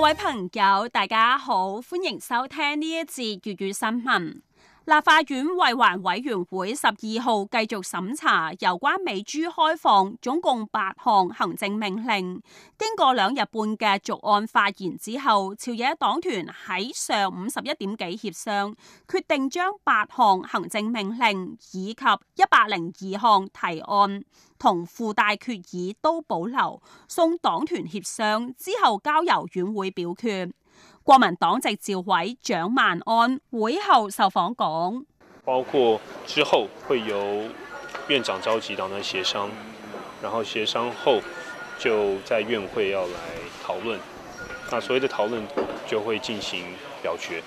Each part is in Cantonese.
各位朋友，大家好，歡迎收聽呢一節粵語新聞。立法院衛環委員會十二號繼續審查有關美豬開放，總共八項行政命令。經過兩日半嘅逐案發言之後，朝野黨團喺上午十一點幾協商，決定將八項行政命令以及一百零二項提案同附帶決議都保留，送黨團協商之後交由院會表決。國民黨籍召委蔣萬安會後受訪講，包括之後會由院長召集黨團協商，然後協商後就在院會要來討論，那所謂的討論就會進行表決。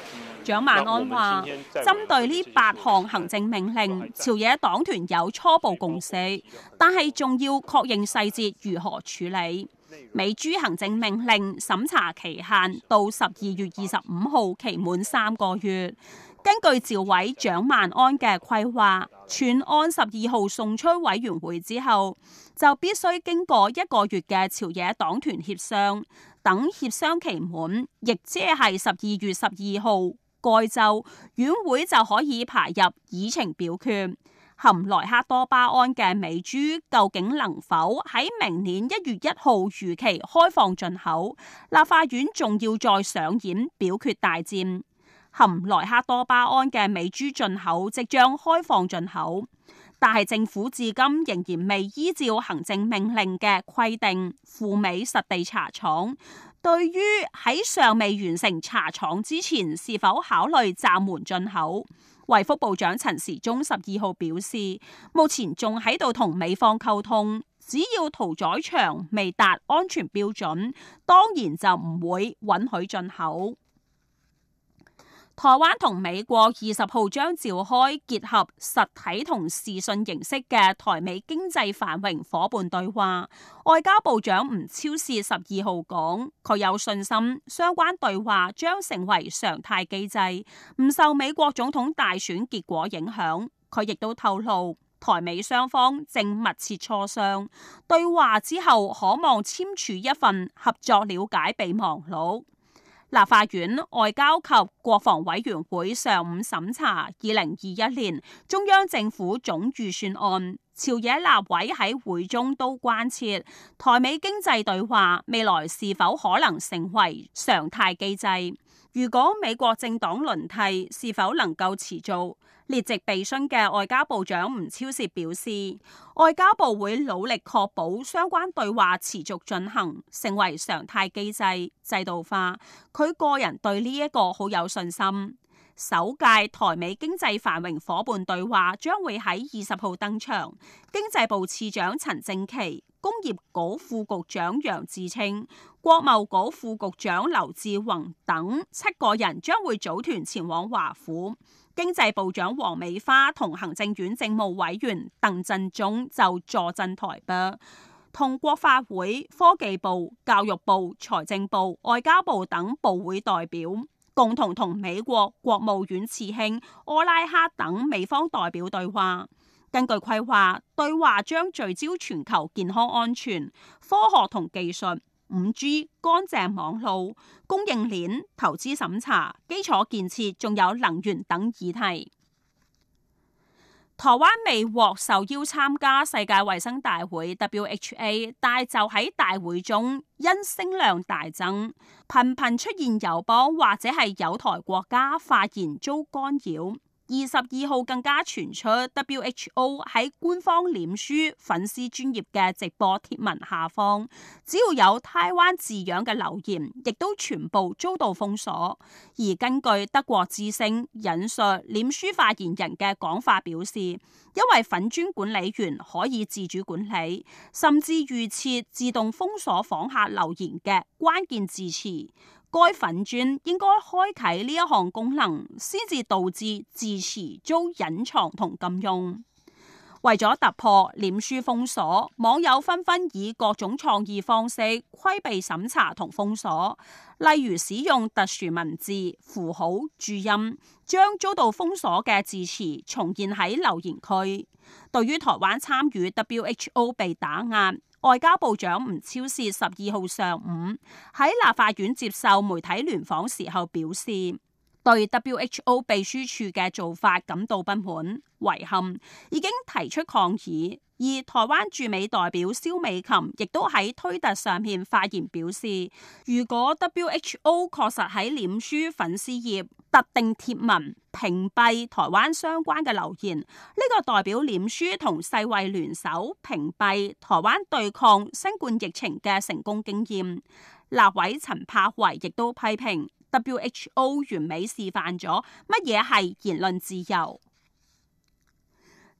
蔣萬安話，針對呢八項行政命令，朝野黨團有初步共識，但係仲要確認細節如何處理。美豬行政命令審查期限到十二月二十五號期滿三個月。根據召委蔣萬安嘅規劃，全案十二號送出委員會之後，就必須經過一個月嘅朝野黨團協商，等協商期滿，亦即係十二月十二號該週，院會就可以排入議程表決。含萊克多巴胺嘅美豬究竟能否喺明年一月一號如期開放進口？立法院仲要再上演表決大戰。含萊克多巴胺嘅美豬進口即將開放進口，但係政府至今仍然未依照行政命令嘅規定赴美實地查廠。對於喺尚未完成查廠之前，是否考慮暫緩進口？衛福部長陳時中十二號表示，目前仲喺度同美方溝通，只要屠宰場未達安全標準，當然就唔會允許進口。台灣同美國二十號將召開結合實體同視訊形式嘅台美經濟繁榮夥伴對話，外交部長吳釗燮十二號講，佢有信心相關對話將成為常態機制，唔受美國總統大選結果影響。佢亦都透露，台美雙方正密切磋商，對話之後可望簽署一份合作了解備忘錄。立法院外交及國防委員會上午審查二零二一年中央政府總預算案，朝野立委喺會中都關切台美經濟對話未來是否可能成為常態機制，如果美國政黨輪替是否能夠持續？列席備詢嘅外交部長吳釗燮表示，外交部會努力確保相關對話持續進行，成為常態機制、制度化。佢個人對呢一個好有信心。首屆台美經濟繁榮夥伴對話將會喺二十號登場，經濟部次長陳正奇、工業局副局長楊志清、國貿局副局長劉志宏等七個人將會組團前往華府。經濟部長黃美花同行政院政務委員鄧振中就坐鎮台北，同國法會、科技部、教育部、財政部、外交部等部會代表，共同同美國國務院次卿柯拉克等美方代表對話。根據規劃，對話將聚焦全球健康安全、科學同技術。五 G、乾淨網路、供應鏈、投資審查、基礎建設，仲有能源等議題。台灣未獲受邀參加世界衛生大會 （WHA），但就喺大會中，因聲量大增，頻頻出現友邦或者係友台國家發言遭干擾。二十二號更加傳出 WHO 喺官方臉書粉絲專頁嘅直播貼文下方，只要有台灣字樣嘅留言，亦都全部遭到封鎖。而根據德國之聲引述臉書發言人嘅講法表示，因為粉專管理員可以自主管理，甚至預設自動封鎖訪客留言嘅關鍵字詞。該粉專應該開啟呢一項功能，先至導致字詞遭隱藏同禁用。為咗突破臉書封鎖，網友紛紛以各種創意方式規避審查同封鎖，例如使用特殊文字、符號、注音，將遭到封鎖嘅字詞重現喺留言區。對於台灣參與 WHO 被打壓，外交部長吳釗燮十二號上午喺立法院接受媒體聯訪時候表示，對 WHO 秘書處嘅做法感到不滿、遺憾，已經提出抗議。而台灣駐美代表蕭美琴亦都喺推特上面發言表示，如果 WHO 確實喺臉書粉絲頁特定貼文屏蔽台灣相關嘅留言，呢、這個代表臉書同世衛聯手屏蔽台灣對抗新冠疫情嘅成功經驗。立委陳柏惟亦都批評。WHO 完美示範咗乜嘢係言論自由。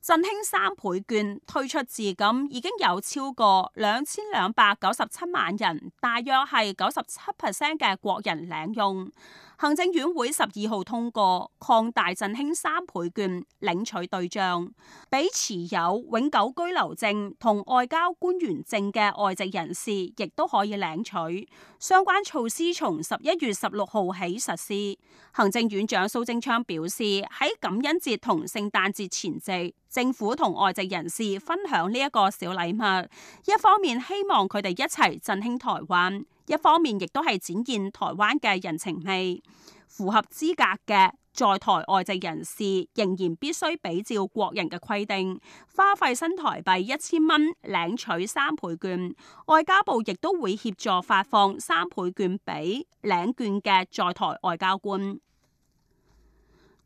振興三倍券推出至今，已經有超過兩千兩百九十七萬人，大約係九十七 percent 嘅國人領用。行政院會十二號通過擴大振興三倍券領取對象，俾持有永久居留證同外交官員證嘅外籍人士亦都可以領取。相關措施從十一月十六號起實施。行政院長蘇貞昌表示，喺感恩節同聖誕節前夕。政府同外籍人士分享呢一個小禮物，一方面希望佢哋一齊振興台灣，一方面亦都係展現台灣嘅人情味。符合資格嘅在台外籍人士仍然必須比照國人嘅規定，花費新台幣一千蚊領取三倍券。外交部亦都會協助發放三倍券俾領券嘅在台外交官。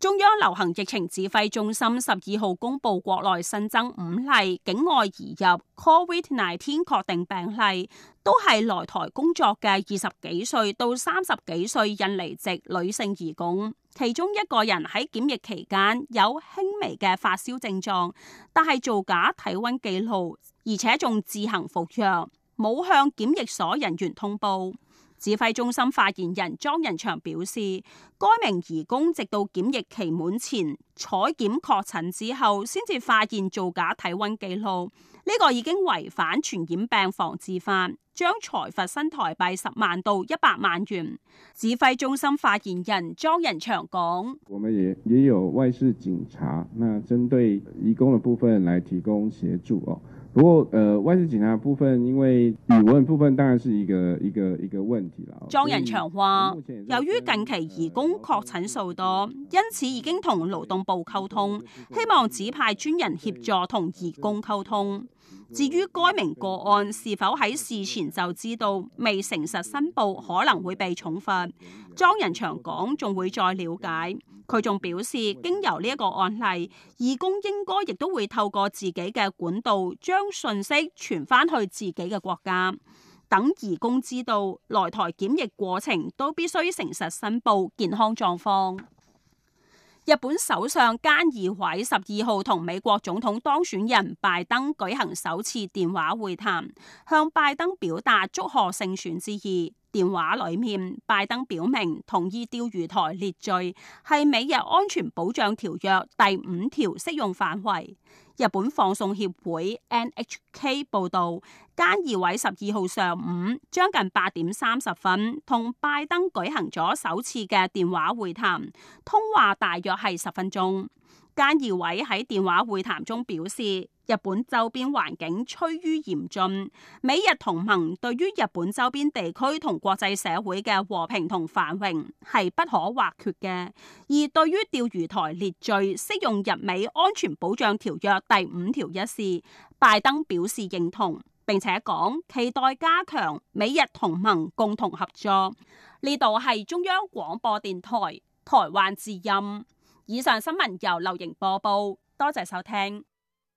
中央流行疫情指揮中心十二號公布國內新增五例境外移入 COVID-19 確定病例，都係來台工作嘅二十幾歲到三十幾歲印尼籍女性移工，其中一個人喺檢疫期間有輕微嘅發燒症狀，但係造假體溫記錄，而且仲自行服藥，冇向檢疫所人員通報。指揮中心發言人莊仁祥表示，該名移工直到檢疫期滿前採檢確診之後，先至發現造假體温記錄，呢個已經違反傳染病防治法，將裁罰新台幣十萬到一百萬元。指揮中心發言人莊仁祥講：我們也也有外事警察，那針對移工嘅部分來提供協助哦。不過，呃，外事警察部分，因為語文部分當然是一個一個一個問題啦。莊人祥話，由於近期移工確診數多，因此已經同勞動部溝通，希望指派專人協助同移工溝通。至於該名個案是否喺事前就知道未誠實申報，可能會被重罰，莊人祥講仲會再了解。佢仲表示，經由呢一個案例，義工應該亦都會透過自己嘅管道將信息傳翻去自己嘅國家，等義工知道來台檢疫過程都必須誠實申報健康狀況。日本首相菅義偉十二號同美國總統當選人拜登舉行首次電話會談，向拜登表達祝賀勝選之意。電話裏面，拜登表明同意釣魚台列嶼係美日安全保障條約第五條適用範圍。日本放送協會 （NHK） 報道，菅義偉十二號上午將近八點三十分同拜登舉行咗首次嘅電話會談，通話大約係十分鐘。菅義偉喺電話會談中表示。日本周邊環境趨於嚴峻，美日同盟對於日本周邊地區同國際社會嘅和平同繁榮係不可或缺嘅。而對於釣魚台列嶼適用日美安全保障條約第五條一事，拜登表示認同，並且講期待加強美日同盟共同合作。呢度係中央廣播電台台灣之音。以上新聞由劉瑩播報，多謝收聽。